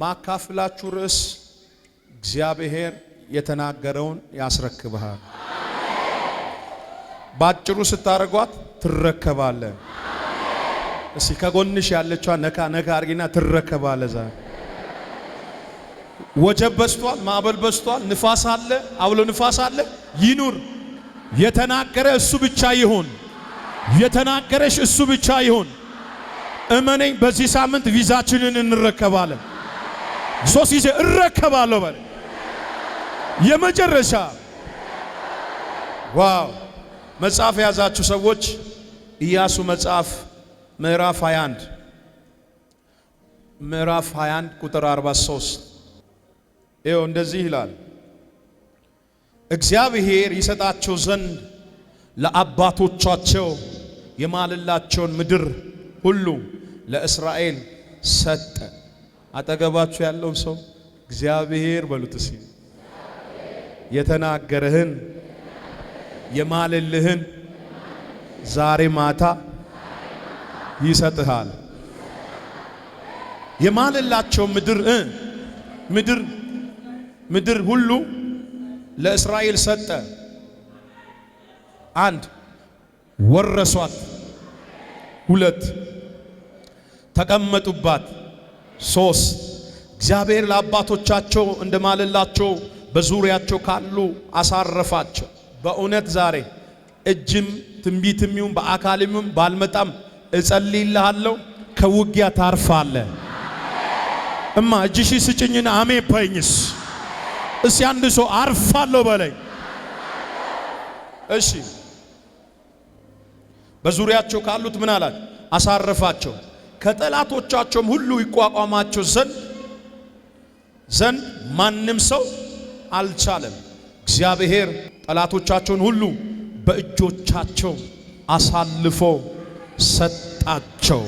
ማካፍላችሁ ርዕስ እግዚአብሔር የተናገረውን ያስረክብሃል። ባጭሩ ስታደርጓት ትረከባለ። እስቲ ከጎንሽ ያለችዋ ነካ ነካ አድርጊና ትረከባለ። ዛ ወጀብ በስቷል፣ ማዕበል በስቷል፣ ንፋስ አለ፣ አውሎ ንፋስ አለ። ይኑር። የተናገረ እሱ ብቻ ይሁን። የተናገረሽ እሱ ብቻ ይሁን። እመነኝ፣ በዚህ ሳምንት ቪዛችንን እንረከባለን። ሶስት ጊዜ እረከባለሁ በል። የመጨረሻ ዋው! መጽሐፍ የያዛችሁ ሰዎች ኢያሱ መጽሐፍ ምዕራፍ 21 ምዕራፍ 21 ቁጥር 43 ይኸው እንደዚህ ይላል እግዚአብሔር ይሰጣቸው ዘንድ ለአባቶቻቸው የማልላቸውን ምድር ሁሉ ለእስራኤል ሰጠ። አጠገባችሁ ያለው ሰው እግዚአብሔር በሉት እስኪ የተናገረህን የማልልህን ዛሬ ማታ ይሰጥሃል። የማልላቸው ምድር ምድር ምድር ሁሉ ለእስራኤል ሰጠ። አንድ ወረሷት፣ ሁለት ተቀመጡባት ሶስት እግዚአብሔር ለአባቶቻቸው እንደማለላቸው በዙሪያቸው ካሉ አሳረፋቸው። በእውነት ዛሬ እጅም ትንቢትም ይሁን በአካልም ይሁን ባልመጣም እጸልይልሃለሁ። ከውጊያ ታርፋለ። እማ እጅሽ ስጭኝና አሜ በይኝስ እስቲ አንድ ሰው አርፋለሁ በለኝ። እሺ በዙሪያቸው ካሉት ምን አላት? አሳረፋቸው። ከጠላቶቻቸውም ሁሉ ይቋቋማቸው ዘንድ ዘንድ ማንም ሰው አልቻለም። እግዚአብሔር ጠላቶቻቸውን ሁሉ በእጆቻቸው አሳልፎ ሰጣቸው።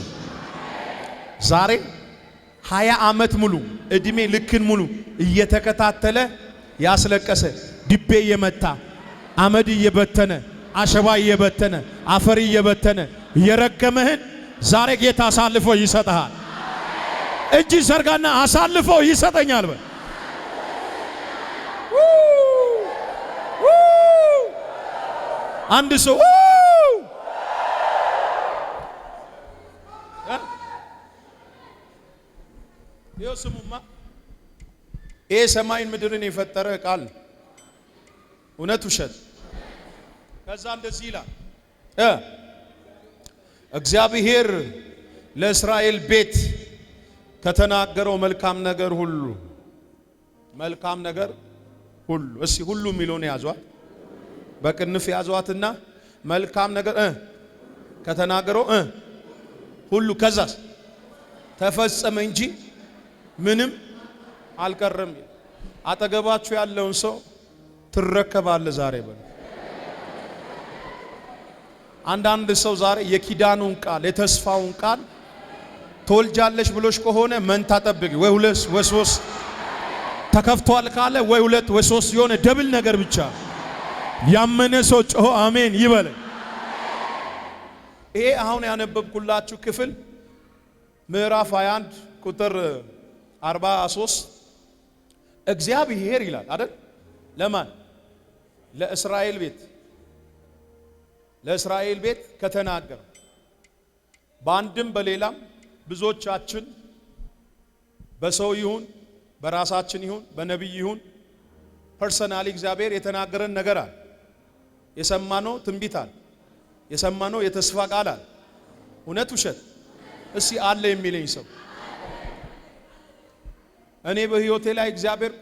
ዛሬ ሀያ ዓመት ሙሉ እድሜ ልክን ሙሉ እየተከታተለ ያስለቀሰ ድቤ እየመታ አመድ እየበተነ አሸባ እየበተነ አፈር እየበተነ እየረገመህን ዛሬ ጌታ አሳልፎ ይሰጥሃል። እጅ ዘርጋና አሳልፎ ይሰጠኛል በል። አንድ ሰው ይኸው ስሙማ፣ ይሄ ሰማይን ምድርን የፈጠረ ቃል እውነት ውሸት። ከዛ እንደዚህ ይላል እግዚአብሔር ለእስራኤል ቤት ከተናገረው መልካም ነገር ሁሉ መልካም ነገር ሁሉ እስቲ ሁሉ የሚለውን ያዟት፣ በቅንፍ ያዟትና መልካም ነገር ከተናገረው ሁሉ ከዛስ ተፈጸመ እንጂ ምንም አልቀረም። አጠገባችሁ ያለውን ሰው ትረከባለ ዛሬ በል አንዳንድ ሰው ዛሬ የኪዳኑን ቃል የተስፋውን ቃል ትወልጃለሽ ብሎሽ ከሆነ መንታ ጠብቂ፣ ወይ ሁለት ወይ ሶስት ተከፍቷል ካለ ወይ ሁለት ወይ ሶስት የሆነ ደብል ነገር ብቻ ያመነ ሰው ጮሆ አሜን ይበለ። ይሄ አሁን ያነበብኩላችሁ ክፍል ምዕራፍ 21 ቁጥር 43 እግዚአብሔር ይላል አይደል? ለማን ለእስራኤል ቤት ለእስራኤል ቤት ከተናገረ በአንድም በሌላም ብዙዎቻችን በሰው ይሁን በራሳችን ይሁን በነቢይ ይሁን ፐርሰናሊ እግዚአብሔር የተናገረን ነገር አለ። የሰማነው ትንቢት አለ። የሰማነው የተስፋ ቃል አለ። እውነት ውሸት? እስኪ አለ የሚለኝ ሰው እኔ በህይወቴ ላይ እግዚአብሔር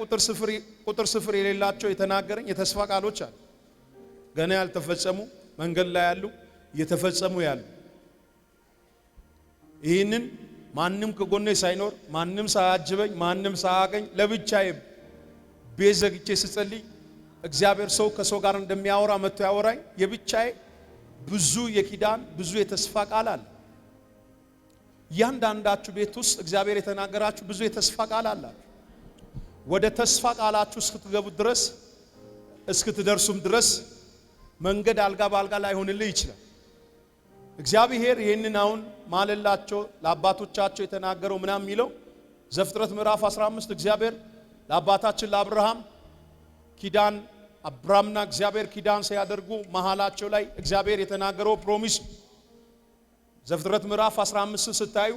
ቁጥር ስፍር የሌላቸው የተናገረኝ የተስፋ ቃሎች አለ ገና ያልተፈጸሙ መንገድ ላይ ያሉ እየተፈጸሙ ያሉ ይህንን ማንም ከጎኔ ሳይኖር ማንም ሳያጅበኝ ማንም ሳያገኝ ለብቻዬ ቤት ዘግቼ ስጸልይ እግዚአብሔር ሰው ከሰው ጋር እንደሚያወራ መጥቶ ያወራኝ የብቻዬ ብዙ የኪዳን ብዙ የተስፋ ቃል አለ። እያንዳንዳችሁ ቤት ውስጥ እግዚአብሔር የተናገራችሁ ብዙ የተስፋ ቃል አላችሁ። ወደ ተስፋ ቃላችሁ እስክትገቡ ድረስ እስክትደርሱም ድረስ መንገድ አልጋ በአልጋ ላይሆንልህ ይችላል። እግዚአብሔር ይህንን አሁን ማለላቸው ለአባቶቻቸው የተናገረው ምናምን የሚለው ዘፍጥረት ምዕራፍ 15 እግዚአብሔር ለአባታችን ለአብርሃም ኪዳን አብርሃምና እግዚአብሔር ኪዳን ሲያደርጉ መሃላቸው ላይ እግዚአብሔር የተናገረው ፕሮሚስ ዘፍጥረት ምዕራፍ 15 ስታዩ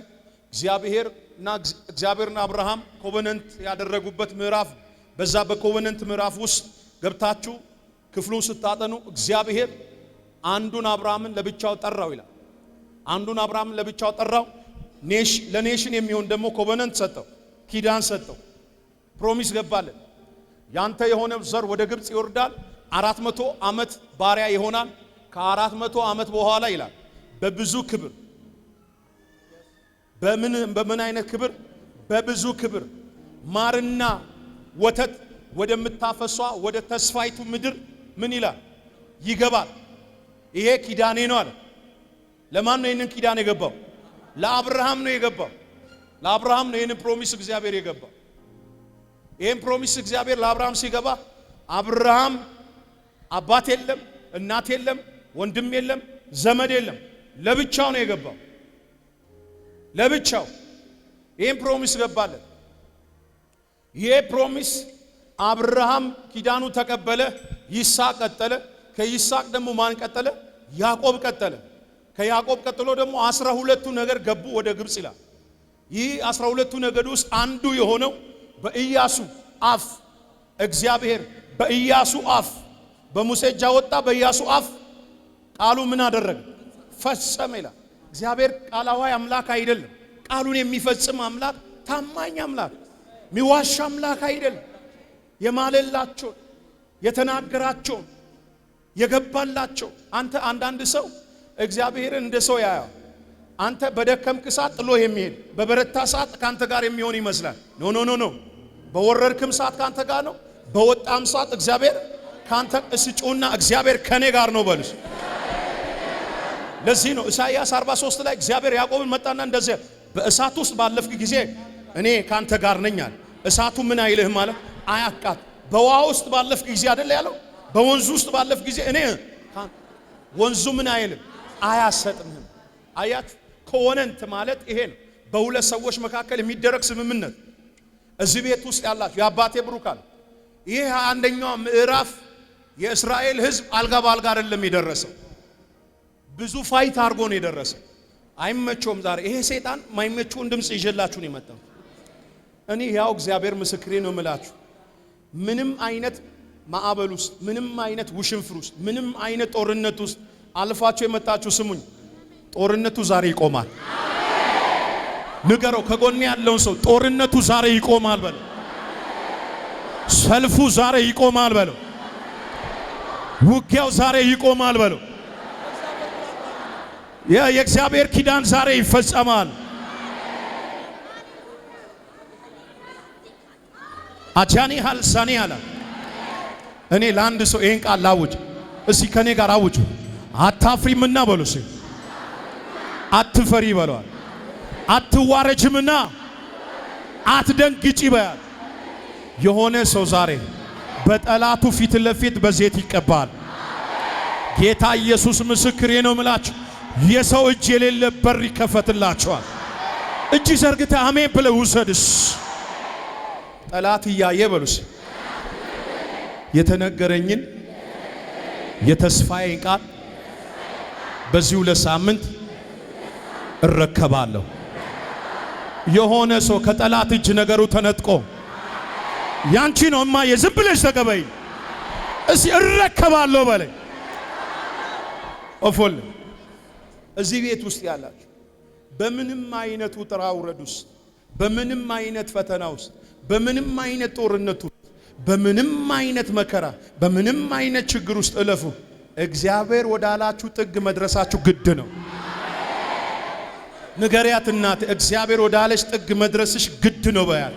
እግዚአብሔር እና እግዚአብሔርና አብርሃም ኮቨነንት ያደረጉበት ምዕራፍ በዛ በኮቨነንት ምዕራፍ ውስጥ ገብታችሁ ክፍሉን ስታጠኑ እግዚአብሔር አንዱን አብርሃምን ለብቻው ጠራው ይላል። አንዱን አብርሃምን ለብቻው ጠራው፣ ለኔሽን የሚሆን ደግሞ ኮቨነንት ሰጠው፣ ኪዳን ሰጠው፣ ፕሮሚስ ገባለን። ያንተ የሆነ ዘር ወደ ግብፅ ይወርዳል፣ አራት መቶ ዓመት ባሪያ ይሆናል። ከአራት መቶ ዓመት በኋላ ይላል በብዙ ክብር በምን በምን አይነት ክብር? በብዙ ክብር ማርና ወተት ወደምታፈሷ ወደ ተስፋይቱ ምድር ምን ይላል? ይገባል። ይሄ ኪዳኔ ነው አለ። ለማን ነው ይህንን ኪዳን የገባው? ለአብርሃም ነው የገባው። ለአብርሃም ነው ይህንን ፕሮሚስ እግዚአብሔር የገባው። ይህን ፕሮሚስ እግዚአብሔር ለአብርሃም ሲገባ አብርሃም አባት የለም፣ እናት የለም፣ ወንድም የለም፣ ዘመድ የለም። ለብቻው ነው የገባው። ለብቻው ይህን ፕሮሚስ ገባለን። ይሄ ፕሮሚስ አብርሃም ኪዳኑ ተቀበለ፣ ይስሐቅ ቀጠለ። ከይስሐቅ ደግሞ ማን ቀጠለ? ያዕቆብ ቀጠለ። ከያዕቆብ ቀጥሎ ደግሞ አስራ ሁለቱ ነገር ገቡ ወደ ግብፅ ይላል። ይህ አስራ ሁለቱ ነገድ ውስጥ አንዱ የሆነው በኢያሱ አፍ እግዚአብሔር በኢያሱ አፍ በሙሴ እጅ አወጣ። በኢያሱ አፍ ቃሉ ምን አደረገ? ፈጸመ ይላል። እግዚአብሔር ቃል አምላክ አይደለም። ቃሉን የሚፈጽም አምላክ፣ ታማኝ አምላክ፣ ሚዋሽ አምላክ አይደለም። የማለላቸውን የተናገራቸውን የገባላቸው አንተ አንዳንድ ሰው እግዚአብሔርን እንደ ሰው ያያው አንተ በደከምክ ሰዓት ጥሎ የሚሄድ በበረታ ሰዓት ካንተ ጋር የሚሆን ይመስላል። ኖ ኖ ኖ ኖ በወረድክም ሰዓት ካንተ ጋር ነው። በወጣም ሰዓት እግዚአብሔር ካንተ እስጩና እግዚአብሔር ከኔ ጋር ነው በሉስ። ለዚህ ነው ኢሳይያስ 43 ላይ እግዚአብሔር ያዕቆብን መጣና እንደዚህ በእሳት ውስጥ ባለፍክ ጊዜ እኔ ካንተ ጋር ነኝ አለ። እሳቱ ምን አይልህም ማለት አያቃት በውሃ ውስጥ ባለፍ ጊዜ አይደለ ያለው? በወንዙ ውስጥ ባለፍ ጊዜ እኔ ወንዙ ምን አይልም አያሰጥምህም። አያት ኮነንት ማለት ይሄ ነው። በሁለት ሰዎች መካከል የሚደረግ ስምምነት። እዚህ ቤት ውስጥ ያላችሁ የአባቴ ብሩካል፣ ይህ አንደኛው ምዕራፍ የእስራኤል ሕዝብ አልጋ በአልጋ አይደለም የደረሰው። ብዙ ፋይት አድርጎ ነው የደረሰው። አይመቸውም። ዛሬ ይሄ ሰይጣን ማይመቸውን ድምፅ ይዤላችሁ ነው የመጣው። እኔ ያው እግዚአብሔር ምስክሬ ነው የምላችሁ ምንም አይነት ማዕበል ውስጥ፣ ምንም አይነት ውሽንፍር ውስጥ፣ ምንም አይነት ጦርነት ውስጥ አልፋችሁ የመጣችሁ ስሙኝ፣ ጦርነቱ ዛሬ ይቆማል። ንገረው ከጎን ያለውን ሰው ጦርነቱ ዛሬ ይቆማል በለው። ሰልፉ ዛሬ ይቆማል በለው። ውጊያው ዛሬ ይቆማል በለው። የእግዚአብሔር ኪዳን ዛሬ ይፈጸማል። አቻኔ ሀልሳኔ አለ። እኔ ለአንድ ሰው ይሄን ቃል ላውጅ። እስቲ ከኔ ጋር አውጩ አታፍሪምና በሉ እስኪ አትፈሪ በለዋል። አትዋረጅምና አትደንግጪ በያል። የሆነ ሰው ዛሬ በጠላቱ ፊት ለፊት በዘይት ይቀባል። ጌታ ኢየሱስ ምስክሬ ነው ምላችሁ የሰው እጅ የሌለ በር ይከፈትላቸዋል። እጅ ዘርግተ አሜን ብለው ውሰድስ ጠላት እያየ በሉስ የተነገረኝን የተስፋዬን ቃል በዚህ ሁለት ሳምንት እረከባለሁ። የሆነ ሰው ከጠላት እጅ ነገሩ ተነጥቆ ያንቺ ነው እማ የዝም ብለሽ ተቀበይ እስ እረከባለሁ በለኝ። ኦፎል እዚህ ቤት ውስጥ ያላችሁ በምንም አይነት ውጥራ ውረድ ውስጥ በምንም አይነት ፈተና ውስጥ በምንም አይነት ጦርነቱ፣ በምንም አይነት መከራ፣ በምንም አይነት ችግር ውስጥ እለፉ። እግዚአብሔር ወዳላችሁ ጥግ መድረሳችሁ ግድ ነው። ንገሪያት እናቴ፣ እግዚአብሔር ወዳለች ጥግ መድረስሽ ግድ ነው በያል።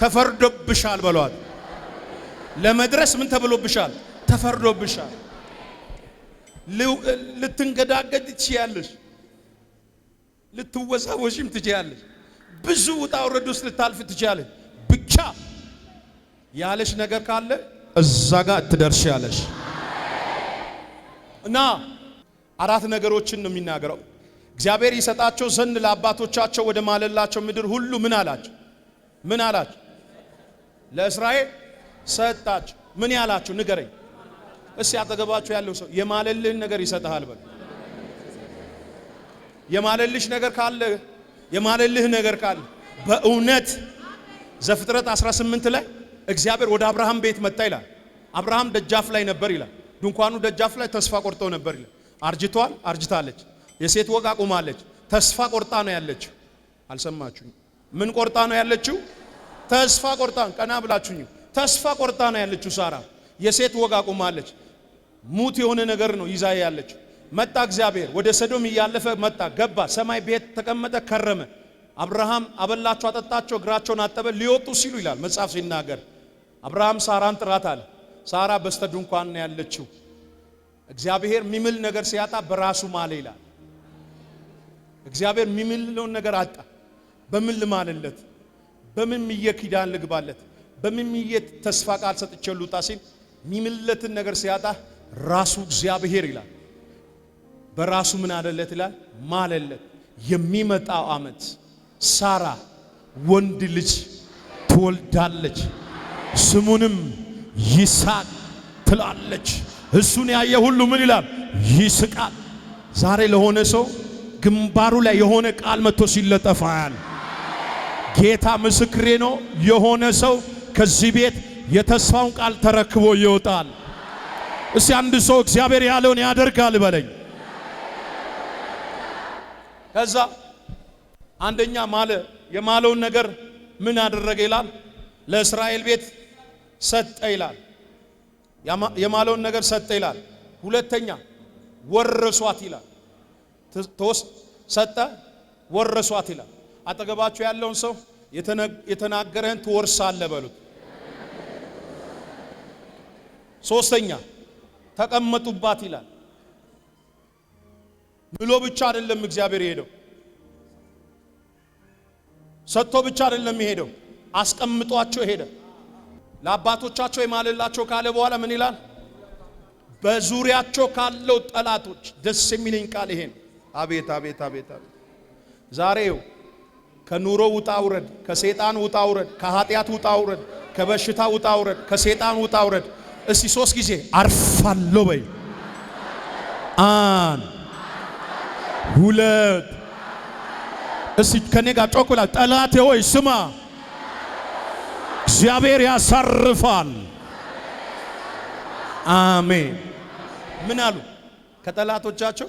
ተፈርዶብሻል በሏት። ለመድረስ ምን ተብሎብሻል? ተፈርዶብሻል። ልትንገዳገድ ትችያለሽ፣ ልትወዛወሽም ትችያለሽ። ብዙ ውጣ ውረድ ውስጥ ልታልፍ ትችላለች። ብቻ ያለሽ ነገር ካለ እዛ ጋር ትደርሻለሽ። እና አራት ነገሮችን ነው የሚናገረው። እግዚአብሔር ይሰጣቸው ዘንድ ለአባቶቻቸው ወደ ማለላቸው ምድር ሁሉ ምን አላቸው? ምን አላቸው? ለእስራኤል ሰጣቸው። ምን ያላችሁ ንገረኝ እስ አጠገባችሁ ያለው ሰው የማለልህን ነገር ይሰጥሃል በል። የማለልሽ ነገር ካለ የማለልህ ነገር ካለ በእውነት ዘፍጥረት 18 ላይ እግዚአብሔር ወደ አብርሃም ቤት መጣ ይላል። አብርሃም ደጃፍ ላይ ነበር ይላል። ድንኳኑ ደጃፍ ላይ ተስፋ ቆርጦ ነበር ይላል። አርጅቷል፣ አርጅታለች። የሴት ወግ አቁማለች። ተስፋ ቆርጣ ነው ያለችው። አልሰማችሁኝ? ምን ቆርጣ ነው ያለችው? ተስፋ ቆርጣ። ቀና ብላችሁኝ። ተስፋ ቆርጣ ነው ያለችው። ሳራ የሴት ወግ አቁማለች። ሙት የሆነ ነገር ነው ይዛ ያለችው። መጣ እግዚአብሔር ወደ ሰዶም እያለፈ መጣ፣ ገባ፣ ሰማይ ቤት ተቀመጠ፣ ከረመ። አብርሃም አበላቸው፣ አጠጣቸው፣ እግራቸውን አጠበ። ሊወጡ ሲሉ ይላል መጽሐፍ ሲናገር አብርሃም ሳራን ጥራት አለ። ሳራ በስተ ድንኳን ነው ያለችው። እግዚአብሔር ሚምል ነገር ሲያጣ በራሱ ማለ ይላል። እግዚአብሔር የሚምለውን ነገር አጣ። በምን ልማልለት? በምን ምዬ ኪዳን ልግባለት? በምን ምዬ ተስፋ ቃል ሰጥቼ ልውጣ ሲል ነገር ሲያጣ ራሱ እግዚአብሔር ይላል በራሱ ምን አለለት ይላል ማለለት። የሚመጣው ዓመት ሳራ ወንድ ልጅ ትወልዳለች፣ ስሙንም ይስሐቅ ትላለች። እሱን ያየ ሁሉ ምን ይላል? ይስቃል። ዛሬ ለሆነ ሰው ግንባሩ ላይ የሆነ ቃል መጥቶ ሲለጠፋል። ጌታ ምስክሬ ነው። የሆነ ሰው ከዚህ ቤት የተስፋውን ቃል ተረክቦ ይወጣል። እስቲ አንድ ሰው እግዚአብሔር ያለውን ያደርጋል በለኝ። ከዛ አንደኛ ማለ። የማለውን ነገር ምን አደረገ ይላል? ለእስራኤል ቤት ሰጠ ይላል። የማለውን ነገር ሰጠ ይላል። ሁለተኛ ወረሷት ይላል። ሰጠ ወረሷት ይላል። አጠገባቸው ያለውን ሰው የተናገረህን ትወርሳለህ በሉት። ሶስተኛ ተቀመጡባት ይላል። ምሎ ብቻ አይደለም እግዚአብሔር የሄደው፣ ሰጥቶ ብቻ አይደለም የሄደው፣ አስቀምጧቸው ሄደ። ለአባቶቻቸው የማልላቸው ካለ በኋላ ምን ይላል? በዙሪያቸው ካለው ጠላቶች ደስ የሚለኝ ቃል ይሄን። አቤት አቤት አቤት አቤት! ዛሬው ከኑሮ ውጣ ውረድ፣ ከሰይጣን ውጣ ውረድ፣ ከኃጢአት ውጣ ውረድ፣ ከበሽታ ውጣ ውረድ፣ ከሴጣን ውጣ ውረድ። እስቲ ሶስት ጊዜ አርፋለሁ በይ አን ሁለት እስቲ ከኔ ጋር ጮክ ብላ ጠላቴ ሆይ ስማ፣ እግዚአብሔር ያሳርፋል። አሜን። ምን አሉ? ከጠላቶቻቸው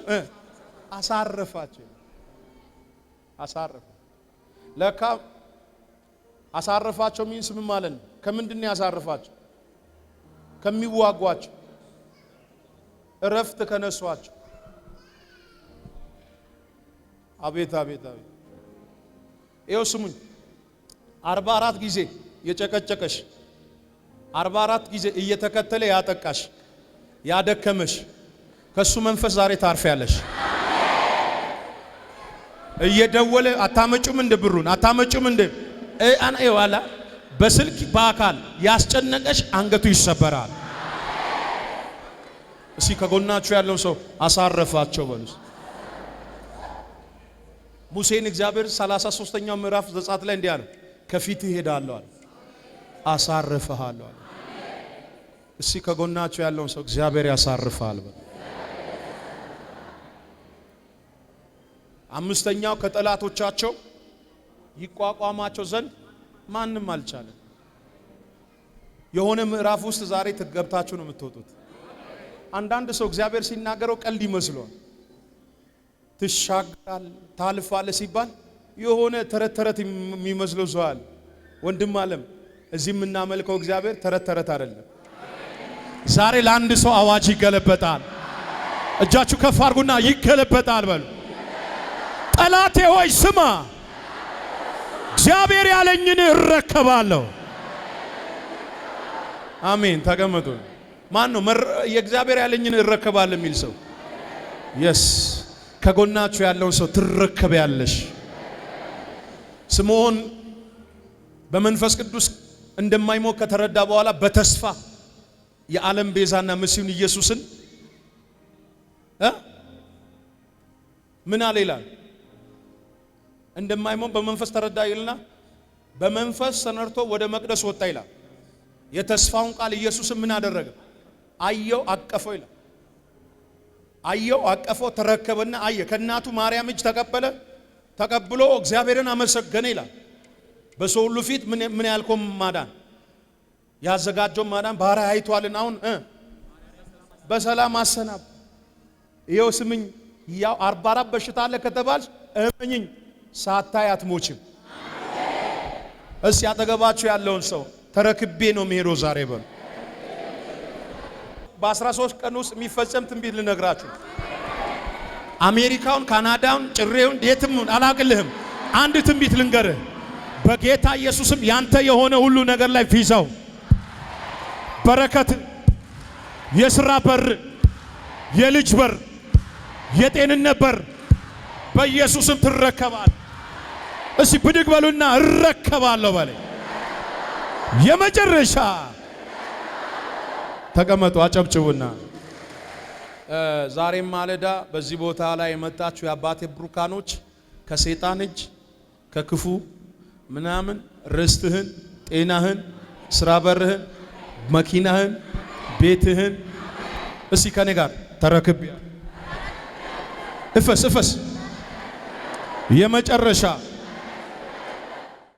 አሳርፋቸው። አሳርፋ ለካ አሳርፋቸው ሚንስ ምን ማለት ነው? ከምንድን ያሳርፋቸው? ከሚዋጓቸው እረፍት ከነሷቸው አቤት አቤት አቤት። ይኸው ስሙኝ፣ አርባ አራት ጊዜ የጨቀጨቀሽ፣ አርባ አራት ጊዜ እየተከተለ ያጠቃሽ፣ ያደከመሽ ከሱ መንፈስ ዛሬ ታርፊያለሽ። እየደወለ አታመጩም እንደ ብሩን አታመጩም እንደ አና ይዋላ በስልክ በአካል ያስጨነቀሽ አንገቱ ይሰበራል። እስኪ ከጎናችሁ ያለው ሰው አሳረፋቸው በሉስ። ሙሴን እግዚአብሔር 33ኛው ምዕራፍ ዘጸአት ላይ እንዲህ ከፊት እሄዳለሁ አለ፣ አሳርፍሃለሁ አለ። እስቲ ከጎናቸው ያለውን ሰው እግዚአብሔር ያሳርፍሃል በል። አምስተኛው ከጠላቶቻቸው ይቋቋማቸው ዘንድ ማንም አልቻለም። የሆነ ምዕራፍ ውስጥ ዛሬ ትገብታችሁ ነው የምትወጡት። አንዳንድ ሰው እግዚአብሔር ሲናገረው ቀልድ ይመስለዋል። ትሻግራል፣ ታልፋለ ሲባል የሆነ ተረት ተረት የሚመስለው ሰው አለ። ወንድም አለም እዚህ የምናመልከው እግዚአብሔር ተረት ተረት አይደለም። ዛሬ ለአንድ ሰው አዋጅ ይገለበጣል። እጃችሁ ከፍ አድርጉና ይገለበጣል በሉ። ጠላቴ ሆይ ስማ፣ እግዚአብሔር ያለኝን እረከባለሁ። አሜን። ተቀመጡ። ማን ነው የእግዚአብሔር ያለኝን እረከባለሁ የሚል ሰው? የስ ከጎናችሁ ያለውን ሰው ትረከቢያለሽ። ስምዖን በመንፈስ ቅዱስ እንደማይሞት ከተረዳ በኋላ በተስፋ የዓለም ቤዛና መሲሁን ኢየሱስን ምን አለ ይላል? እንደማይሞት በመንፈስ ተረዳ ይልና በመንፈስ ሰነርቶ ወደ መቅደስ ወጣ ይላል። የተስፋውን ቃል ኢየሱስን ምን አደረገ? አየው፣ አቀፈው ይላል። አየው፣ አቀፈው፣ ተረከበና አየ ከእናቱ ማርያም እጅ ተቀበለ። ተቀብሎ እግዚአብሔርን አመሰገነ ይላል። በሰው ሁሉ ፊት ምን ያልኮም ማዳን ያዘጋጀው ማዳን ባህሪ አይቷልን። አሁን በሰላም አሰናብ ይኸው ስምኝ። ያው አርባ አራት በሽታ አለ ከተባልሽ እመኝኝ ሳታይ አትሞችም። እስ አጠገባችሁ ያለውን ሰው ተረክቤ ነው የምሄደው ዛሬ በሉ በ13 ቀን ውስጥ የሚፈጸም ትንቢት ልነግራችሁ። አሜሪካውን፣ ካናዳውን፣ ጭሬውን የትም አላቅልህም። አንድ ትንቢት ልንገርህ። በጌታ ኢየሱስም ያንተ የሆነ ሁሉ ነገር ላይ ፊዛው በረከት፣ የስራ በር፣ የልጅ በር፣ የጤንነት በር በኢየሱስም ትረከባል። እስቲ ብድግ በሉና እረከባለሁ በለ የመጨረሻ ተቀመጡ፣ አጨብጭቡና ዛሬም ማለዳ በዚህ ቦታ ላይ የመጣችሁ የአባቴ ብሩካኖች ከሰይጣን እጅ ከክፉ ምናምን ርስትህን፣ ጤናህን፣ ስራ በርህን፣ መኪናህን፣ ቤትህን እስቲ ከኔ ጋር ተረክብ። እፈስ እፈስ የመጨረሻ